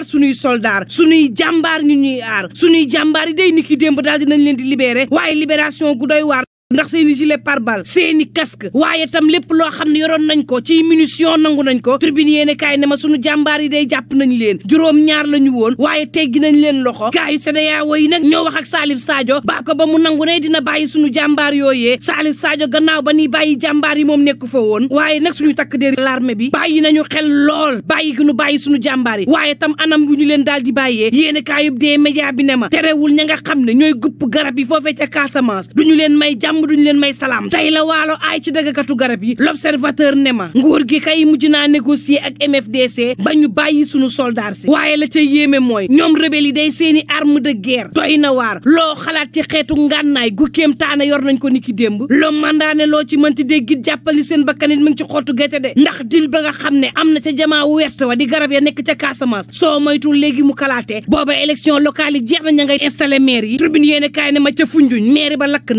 aar suñuy soldaar suñuy jàmbaar ñu ñuy aar suñuy jàmbaar day ni ki démb daal dinañ leen di libéré waaye libération gu doy waar ndax seeni gilet pare-balles seeni casque waaye tam lépp loo xam ne yoroon nañ ko ci munition nangu nañ ko tribune yéene kaay ne ma suñu jàmbaar yi day jàpp nañ leen juróom ñaar la ñu woon waaye teggi nañ leen loxo gaayu CEDEAO yi nag ñoo wax ak Salif Sadio baa ko ba mu nangu ne dina bàyyi suñu jàmbaar yooyee Salif Sadio gannaaw ba ni bàyyi jàmbaar yi moom nekk fa woon waaye nag suñu takk der l'armée bi bàyyi nañu xel lool bàyyi gi ñu bàyyi sunu jàmbaar yi waaye tam anam bu ñu leen daal di bàyyee yéene kaayub dee média bi ne ma terewul ña nga xam ne ñooy gupp garab yi foofee ca Casamance duñu leen may jàmm làmb duñ leen may salaam tey la waalo aay ci daggakatu garab yi l'observateur ne ma nguur gi kay mujj naa négocier ak MFDC ba ñu bàyyi sunu soldaar si waaye la ca yéeme mooy ñoom rebelle yi day seeni arme de guerre doy na waar loo xalaat ci xeetu ngànnaay gu kéemtaane yor nañ ko niki démb lo mandaane loo ci mënti dégg jàppali seen bakkanit mu ngi ci xottu gerte de ndax dil ba nga xam ne am na ca jamaa werte wa di garab ya nekk ca Casamance soo moytul léegi mu kalaate booba élection locale yi jeex na ña ngay installé yi tribune yéene kaay ne ma ca funjuñ maire lakk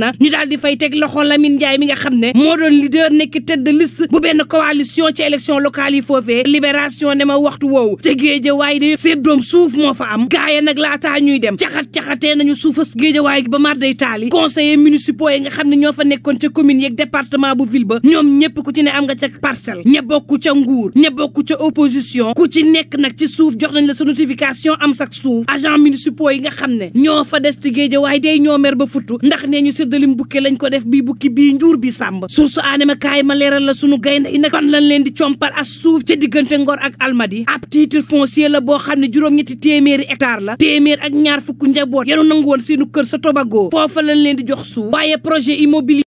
fay teg loxo Lamine Ndiaye mi nga xam ne moo doon leader nekk tëdd de liste bu benn coalition ci élection locale yi foofee libération ne ma waxtu woowu ca géejawaay de seddoom suuf moo fa am gaaye nag laataa ñuy dem caxat-caxatee nañu suufas géejawaay gi ba mar day taali conseillers municipaux yi nga xam ne ñoo fa nekkoon ca commune yeeg département bu ville ba ñoom ñëpp ku ci ne am nga ca parcelle ña bokk ca nguur ña bokk ca opposition ku ci nekk nag ci suuf jox nañ la sa notification am sax suuf agent municipaux yi nga xam ne ñoo fa des ci géejawaay day ñoo mer ba futtu ndax nee ñu séddalim bukke lañ ko def bii bukki bii njuur bi sàmb source aanéma ma leeral la sunu gaynde yi nag fan leen di compar as suuf ca diggante ngor ak almadi ab titre foncier la boo xam ne juróom-ñetti téeméeri hectare la téeméer ak ñaar fukk njaboot yenu nangu woon seenu kër sa tobago foofa lañ leen di jox suuf waaye projet immobilier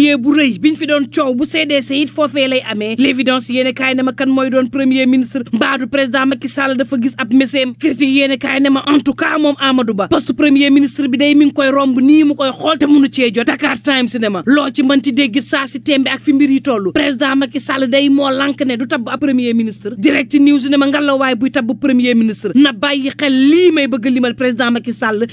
yee bu rëy biñ fi doon coow doon premier ministre mbaadu président Macky Sall dafa gis ab meseem critique yéene kaay ma en tout cas moom Amadou day mi ngi koy romb nii mu koy xool te mënu cee jot Dakar Times ma loo ci mënti déggit saa si tembe ak fi mbir yi toll président Macky Sall day moo lank ne du tabb ab premier ministre direct news ne ma ngalawaay buy tabb premier ministre na bàyyi xel lii may bëgg limal président Macky Sall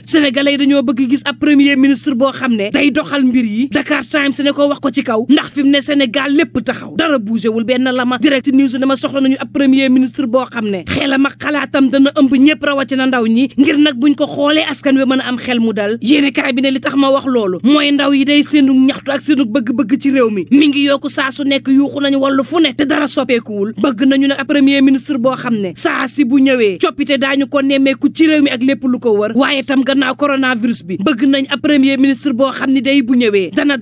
dañoo bëgg gis ab premier ministre boo xam ne day doxal mbir yi Dakar Times ne ko wax ko ci kaw ndax fi mu ne Sénégal lépp taxaw dara bougé wul benn la ma direct news dama soxla nañu ab premier ministre boo xam ne xelam ak xalaatam dana ëmb ñëpp na ndaw ñi ngir nag bu buñ ko xoolee askan wi mën a am xel mu dal yéene kaay bi ne li tax ma wax loolu mooy ndaw yi day seenu ñaxtu ak seenu bëgg-bëgg ci réew mi mi ngi yokku saa su nekk yuuxu nañu wàllu fu ne te dara soppeekuwul bëgg nañu nag ab premier ministre boo xam ne saa si bu ñëwee coppite daañu ko nemmeeku ci réew mi ak lépp lu ko wër waaye tam gannaaw coronavirus bi bëgg nañ ab premier ministre boo xam ne day bu ñëwee dana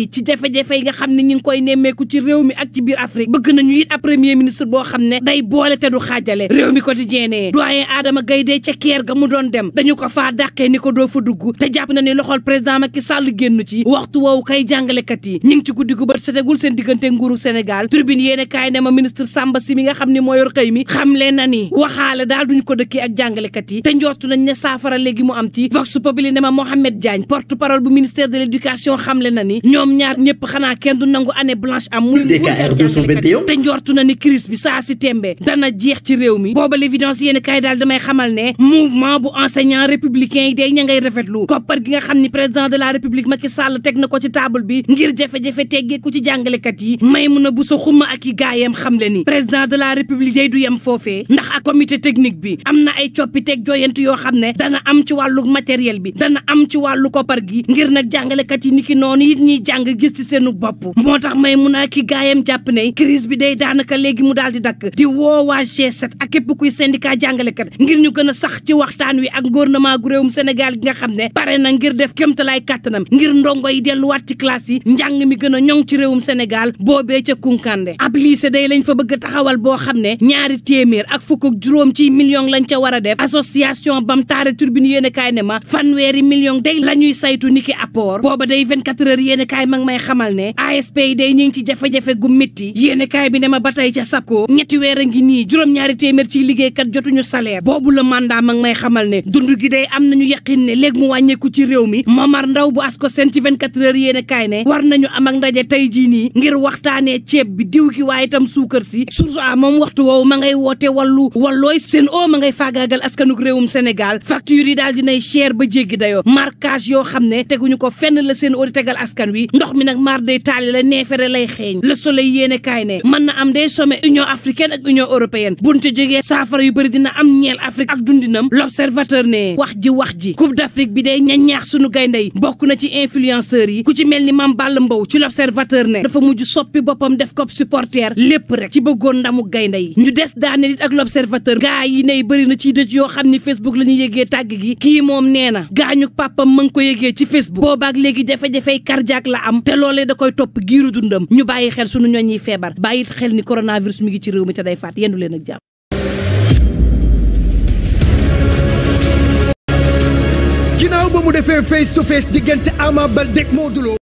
yi ci jafe-jafe yi nga xam ne ñi ngi koy nemmeeku ci réew mi ak ci biir Afrique bëgg nañu it ab premier ministre boo xam ne day boole te du xaajale réew mi quotidien ne doyen Adama Gaydee ca keer ga mu doon dem dañu ko fa dàqee ni ko doo fa dugg te jàpp na ni loxol président Macky Sall génn ci waxtu woowu kay jàngalekat yi ñi ngi ci guddi gu bët setegul seen diggante nguuru Sénégal tribune yéene kaay ne ma ministre Samba Si mi nga xam ne moo yor xëy mi xam leen na ni waxaale daal duñu ko dëkkee ak jàngalekat yi te njortu nañ ne saafara léegi mu am ci vox populi ne ma Mohamed Diagne porte parole bu ministère de l'éducation xam le na ni ñoom ñaar ñëpp xanaa kenn du nangu année blanche am muy DKR 221 te njortu na ni crise bi saa si tembe dana jeex ci réew mi booba l'évidence yéen kaay daal damay xamal ne mouvement bu enseignant républicain yi day ña ngay rafetlu koppar gi nga xam ni président de la république Macky Sall teg na ko ci table bi ngir jafe-jafe teggeeku ci jàngalekat yi may mun a bu sa xumma ak yi gaayam xam le ni président de la république day du yem foofee ndax ak comité technique bi am na ay coppiteeg joyant yoo xam ne dana am ci wàllu matériel bi am ci wàllu koppar gi ngir jàng seenu bopp moo tax may mun naa ki gaayam jàpp ne bi day daanaka léegi mu daal di dakk di woo waa G7 ak képp kuy syndicat jàngalekat ngir ñu gën a sax ci waxtaan wi ak gouvernement gu réewum Sénégal gi nga xam ne pare na ngir def kémtalaay kàttanam ngir ndongo yi delluwaat ci classe yi njàng mi gën a ñoŋ ci réewum Sénégal boobee ca Kunkande ab lycée day lañ fa bëgg a taxawal boo xam ne ñaari téeméer ak fukk juróom ci million lañ ca war a def association bam taare turbine yéen a kaay ne ma fanweeri million day la ñuy saytu niki apport booba day kaay ma ngi may xamal ne ASP yi day ñu ngi ci jafe-jafe gu métti yéen kaay bi ne ma ba tey ca SAPCO ñetti weer a ngi nii juróom-ñaari téeméer ciy liggéeykat jotuñu salaire boobu la mandat ma may xamal ne dund gi day am ñu yaqin ne léegi mu wàññeeku ci réew mi moo Momar Ndaw bu asko seen ci 24 heures yéen kaay ne war nañu am ndaje tey jii nii ngir waxtaanee ceeb bi diw gi waaye itam suukar si source a moom waxtu woowu ma ngay woote wallu wallooy seen o ma ngay faagaagal askanuk réewum Sénégal facture yi daal dinay cher ba jéggi dayoo marquage yoo xam ne teguñu ko fenn la seen ori tegal askan wi ndox mi nag mar day taali la neefere lay xeeñ la soleil yéene kaay ne mën na am day sommet union africaine ak union européenne bu ci jógee saafara yu bëri dina am ñeel afrique ak dundinam l'observateur ne wax ji wax ji coupe d'afrique bi day ñaax suñu gaynde yi bokk na ci influenceurs yi ku ci mel ni mam bàll mbow ci l'observateur ne dafa mujj soppi boppam def ko supporter lépp rek ci bëggoon ndamu gaynde yi ñu des daane nit ak l'observateur gaa yi ney bëri na ci dëj yoo xam ni facebook la ñuy yégee tàgg gi kii moom nee na gaañu papam ma ngi ko yégee ci facebook boobaak léegi jafe-jafey cardiaque la am te loolee da koy topp giiru dundam ñu bàyyi xel sunu ñoñ yi feebar bàyyi xel ni coronavirus mi ngi ci réew mi te day faat yendu leen ak jàmm ginnaaw ba mu defee face to face diggante Ama Baldé Modou Lo